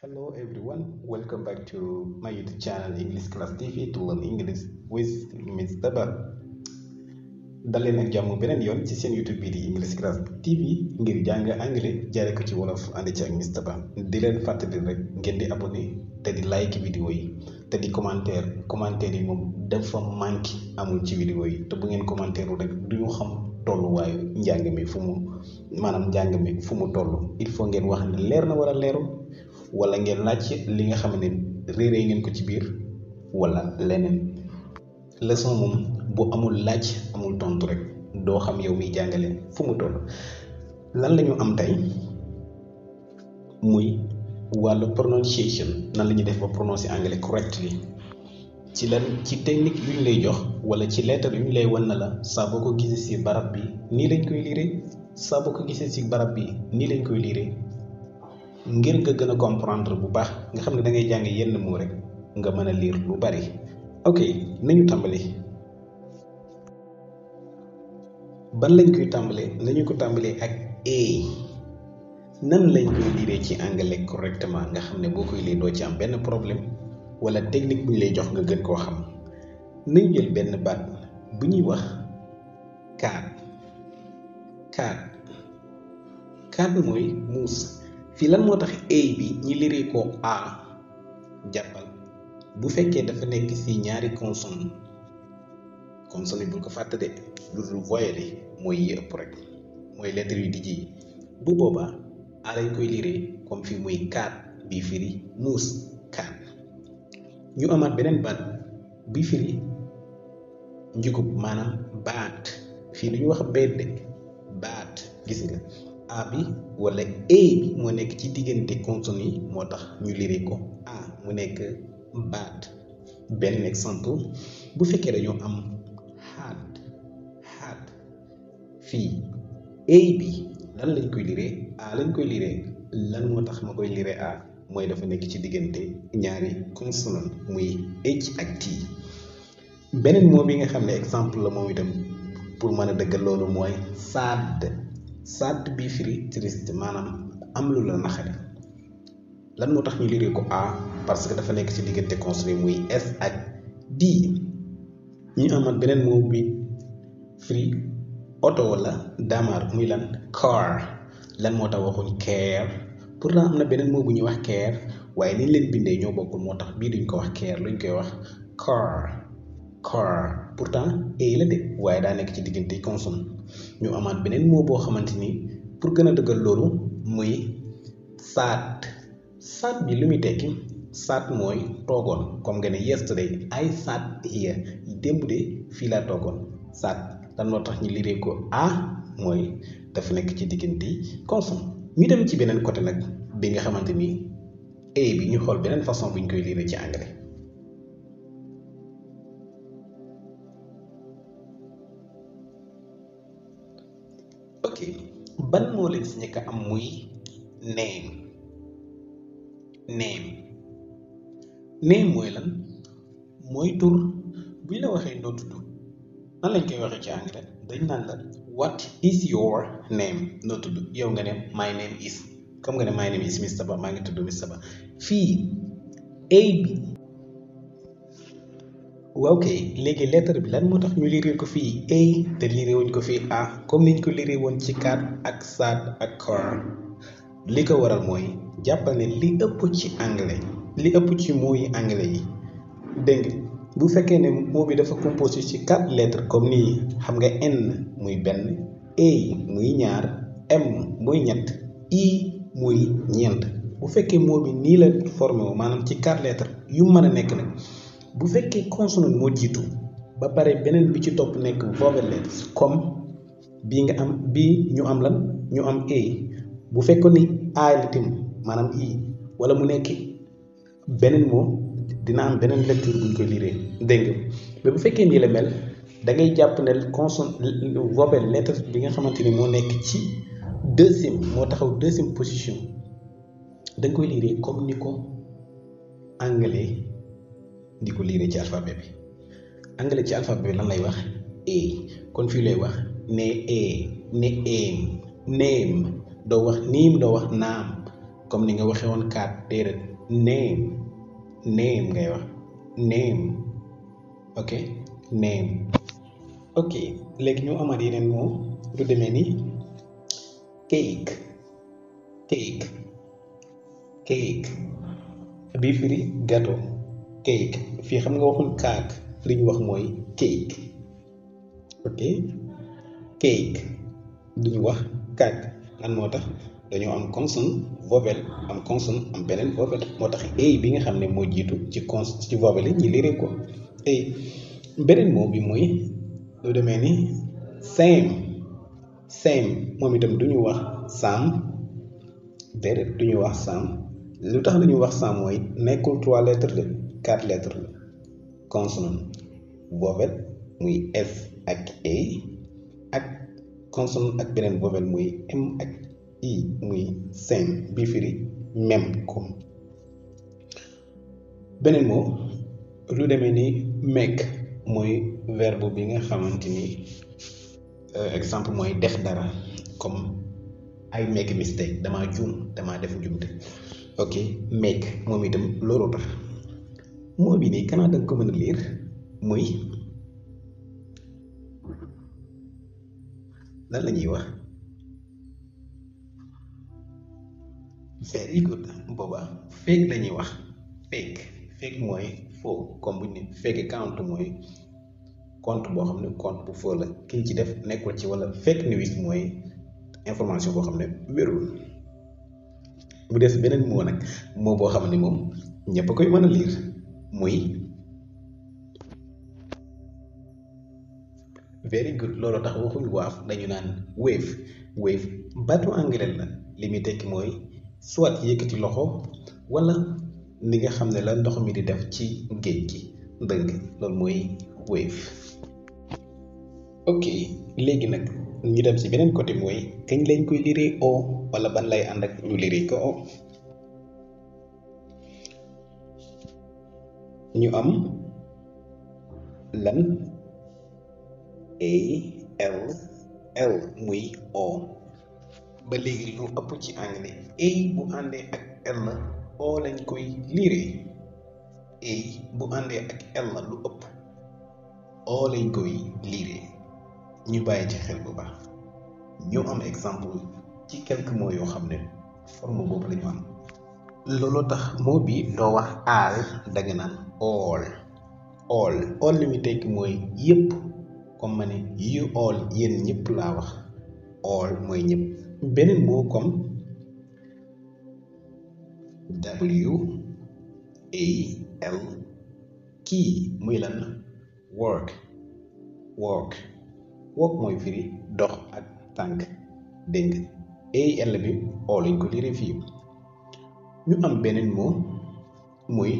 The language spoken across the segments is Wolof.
Hello everyone, welcome back to my YouTube channel English Class TV to learn English with Mr. Ba dal leen ak jàmm beneen yoon ci seen YouTube bii di English Class TV ngir jàng anglais jaare ko ci wolof ànd ci ak di leen fàttali rek ngeen di abonné te di like vidéo yi te di commentaire commentaire yi moom dafa manqué amul ci vidéo yi te bu ngeen commentaire rek du ñu xam tolluwaayu njàng mi fu mu maanaam njàng mi fu mu toll il faut ngeen wax ne leer na wala leerul wala ngeen laaj li nga xam ne réeree ngeen ko ci biir wala leneen leson moom bu amul laaj amul tontu rek doo xam yow miy jàngale fu mu toll lan lañu am tey muy wàllu prononciation nan la ñuy def ba prononcer anglais correctly ci lan ci technique yu ñu lay jox wala ci lettre yu ñu lay wan na la saa boo ko gisee si barab bi nii lañ koy liire saa boo ko gisee si barab bi nii lañ koy liire ngir nga gën a comprendre bu baax nga xam ne dangay ngay jàng yenn mots rek nga mën a liir lu bari ok nañu tàmbali ban lañ koy tàmbalee nañu ko tàmbalee ak a nan lañ koy lire ci anglais correctement nga xam ne boo koy lire doo ci am benn problème wala technique bu lay jox nga gën koo xam nañ jël benn baat bu ñuy wax kaat kaat kaat mooy muus. fii lan moo tax A bi ñi liree ko A jàppal bu fekkee dafa nekk ci ñaari consonne consonne yi bul ko fàtte de lu dul voyelle yi mooy yi ëpp rek mooy lettre yu dijj yi bu booba A lañ koy liree comme fii muy kaat bii firi muus kaat ñu amaat beneen baat bi firi njugub maanaam baat fii du ñu wax beet baat gis nga A bi wala E bi moo nekk ci diggante consonne yi moo tax ñu lire ko A mu nekk baat benn exemple bu fekkee dañoo am xaat xaat fii A bi lan lañ koy lire A lañ koy lire lan moo tax ma koy lire A mooy dafa nekk ci diggante ñaari consonne muy H ak T beneen moo bi nga xam ne exemple la moom itam pour mën a dëggal loolu mooy sadd sad bi firi triste maanaam am lu la naxari lan moo tax ñu lire ko a parce que dafa nekk ci diggante construit muy s ak d ñu amaat beneen mot bi firi oto wala daamar muy lan car lan moo tax waxuñ care pourtant am na beneen mot ñuy wax care waaye ni leen bindee ñoo bokkul moo tax bii duñ ko wax care luñ koy wax car car pourtant a e la de waaye daa nekk ci diggante consonne ñu amaat beneen moo boo xamante ni pour gën a dëggal loolu muy sat sat bi lu muy tekki sat mooy toogoon comme nga ne yesterday I sat here démb de fii laa toogoon sat lan moo tax ñu liree ko ah mooy dafa nekk ci diggante consonne mi dem ci beneen côté nag bi nga xamante ni a bi ñu xool beneen façon bu ñu koy lire ci anglais. ki ban moo leen fi njëkk am muy name name mooy lan mooy tur bu ñu la waxee noo tudd nan lañ koy waxee ci anglais dañ naan la what is your name noo tudd yow nga ne my name is comme nga ne my name is Mr Ba maa ngi tudd Mr Ba fii a waaw kay léegi lettre bi lan moo tax ñu liiree ko fii A te liiree wuñ ko fii A comme niñ ko liiree woon ci kaat ak saat ak kor li ko waral mooy jàppal ne li ëpp ci anglais li ëpp ci mots yi anglais yi dégg bu fekkee ne mot bi dafa composé ci quatre lettres comme nii xam nga N muy benn A muy ñaar M muy ñett I muy ñeent bu fekkee moo bi nii la formé wu maanaam ci quatre lettres yu mën a nekk nag bu fekkee consonant moo jiitu ba pare beneen bi ci topp nekk vowel letters comme bii nga am bi ñu am lan ñu am a bu fekkoon ni a la tim maanaam i wala mu nekk beneen moo dina am beneen lecture buñ koy liiree dégg nga bu fekkee nii la mel da ngay jàpp ne consonant vowel letters bi nga xamante ni moo nekk ci deuxième moo taxaw deuxième position da nga koy liiree comme ni ko anglais di ko ci alphabet bi anglais ci alphabet bi lan lay wax a kon fii lay wax ne e ne eem neem doo wax niim doo wax naam comme ni nga waxee woon kaat déedéet neem neem ngay wax neem ok neem ok léegi ñu amaat yeneen moom lu demee ni cake cake cake bii firi gâteau cake fii xam nga waxul kaak li ñu wax mooy cake ok cake duñu wax kaak lan moo tax dañoo am consonne vowel am consonne am beneen vowel moo tax ay bi nga xam ne moo jiitu ci cons ci vowel yi ñi lire ko ay beneen moom bi mooy lu demee ni same same moom itam du ñu wax sam déedéet du ñu wax sam lu tax la wax sam mooy nekkul trois lettres de quatre lettres la consonant vowel muy F ak A e ak consonant ak beneen vowel muy M ak I muy sing bi firi même comme beneen moo lu demee ni make mooy verbe bi nga xamante ni euh, exemple mooy def dara comme I make mistake damaa juum damaa def njumte ok make moom itam loolu tax moo bi nii kanaa danga ko mën a liir muy lan lañuy ñuy wax very good booba fake la wax fake fake mooy faux comme bu ñu ne fake mooy compte boo xam ne compte bu faux la ki ñu ci def nekkul ci wala fake news mooy information boo xam ne wérul mu des beneen moo nag moo boo xam ne moom ñëpp koy mën a liir muy very good loolu tax waxuñ waaf dañu naan wave wave baatu anglais la li muy tekki mooy soit yëkkati loxo walla li nga xam ne la ndox mi di def ci géej gi dëgg loolu mooy wave ok léegi nag ñu dem si beneen côté mooy kañ lañ koy liree o wala ban lay ànd ak ñu liree ko o ñu am lan ALL muy O ba léegi lu ëpp ci anglais A bu àndee ak L O lañ koy liiree A bu àndee ak L lu ëpp O lañ koy liiree ñu bàyyi ci xel bu baax ñu am exemple ci quelques mots yoo xam ne forme boobu la am loolu tax mot bi doo wax aal danga all all all li muy tekki mooy yëpp comme ma ne you all yéen ñëpp laa wax ool mooy ñëpp beneen moo comme w muy lan work work work mooy firi dox ak tànk dégg nga al bi all lañ ko lire fii ñu am beneen moo muy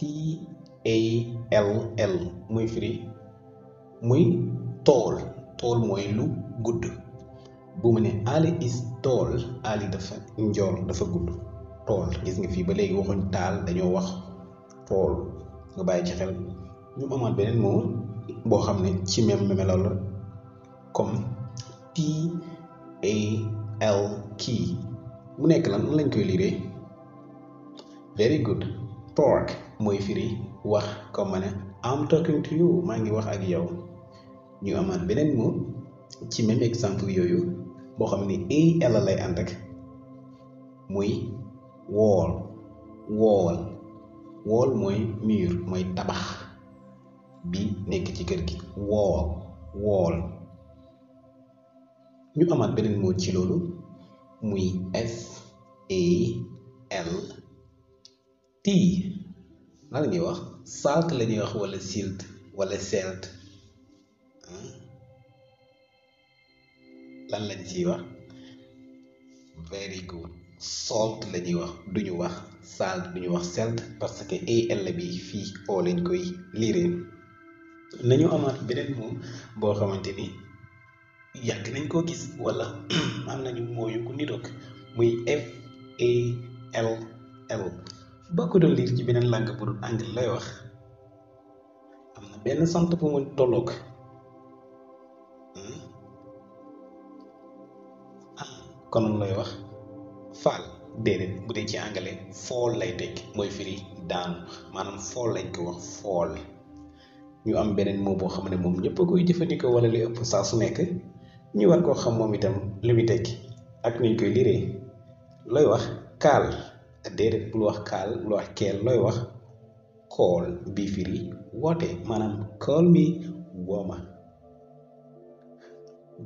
TALL muy firi muy tool tool mooy lu gudd bu mu ne Ali is tool Ali dafa njool dafa gudd tool gis nga fii ba léegi waxuñ taal dañoo wax tool nga bàyyi ci xel ñu amaat beneen moo boo xam ne ci même melo la comme TAL kii mu nekk la lan lañ koy liiree very good talk mooy firi wax comme ma ne I'm talking maa ngi wax ak yow ñu amaan beneen mot ci même exemple yooyu boo xam ne al lay ànd ak muy wall wall wall mooy mur mooy tabax bi nekk ci kër gi wall wall ñu amaat beneen moo ci loolu muy F A lan la wax salt la ñuy wax walla silt walla selt lan lañu ciy wax very good salt la ñuy wax duñu wax salt duñu wax selt parce que al bi fii oo lañ koy liiree nañu amaat beneen moom boo xamante ni yàgg nañ koo gis walla am nañu mooyu ku niroog muy f bokk ko doon liir ci beneen langue bu dul anglais lay wax am na benn sant bu mu tolloog hmm? ah konoon lay wax faal déedéet bu dee ci anglais fool lay tekki mooy firi daanu maanaam fool lañ ko wax fool ñu am beneen moo boo xam ne moom ñëpp a koy jëfandikoo wala li ëpp saa su nekk ñu war koo xam moom itam li muy tekki ak niñ koy liiree looy wax kaal déedéet bul wax kaal bul wax keel looy wax call bii firi woote maanaam call mi wooma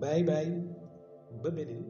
bye baay ba beneen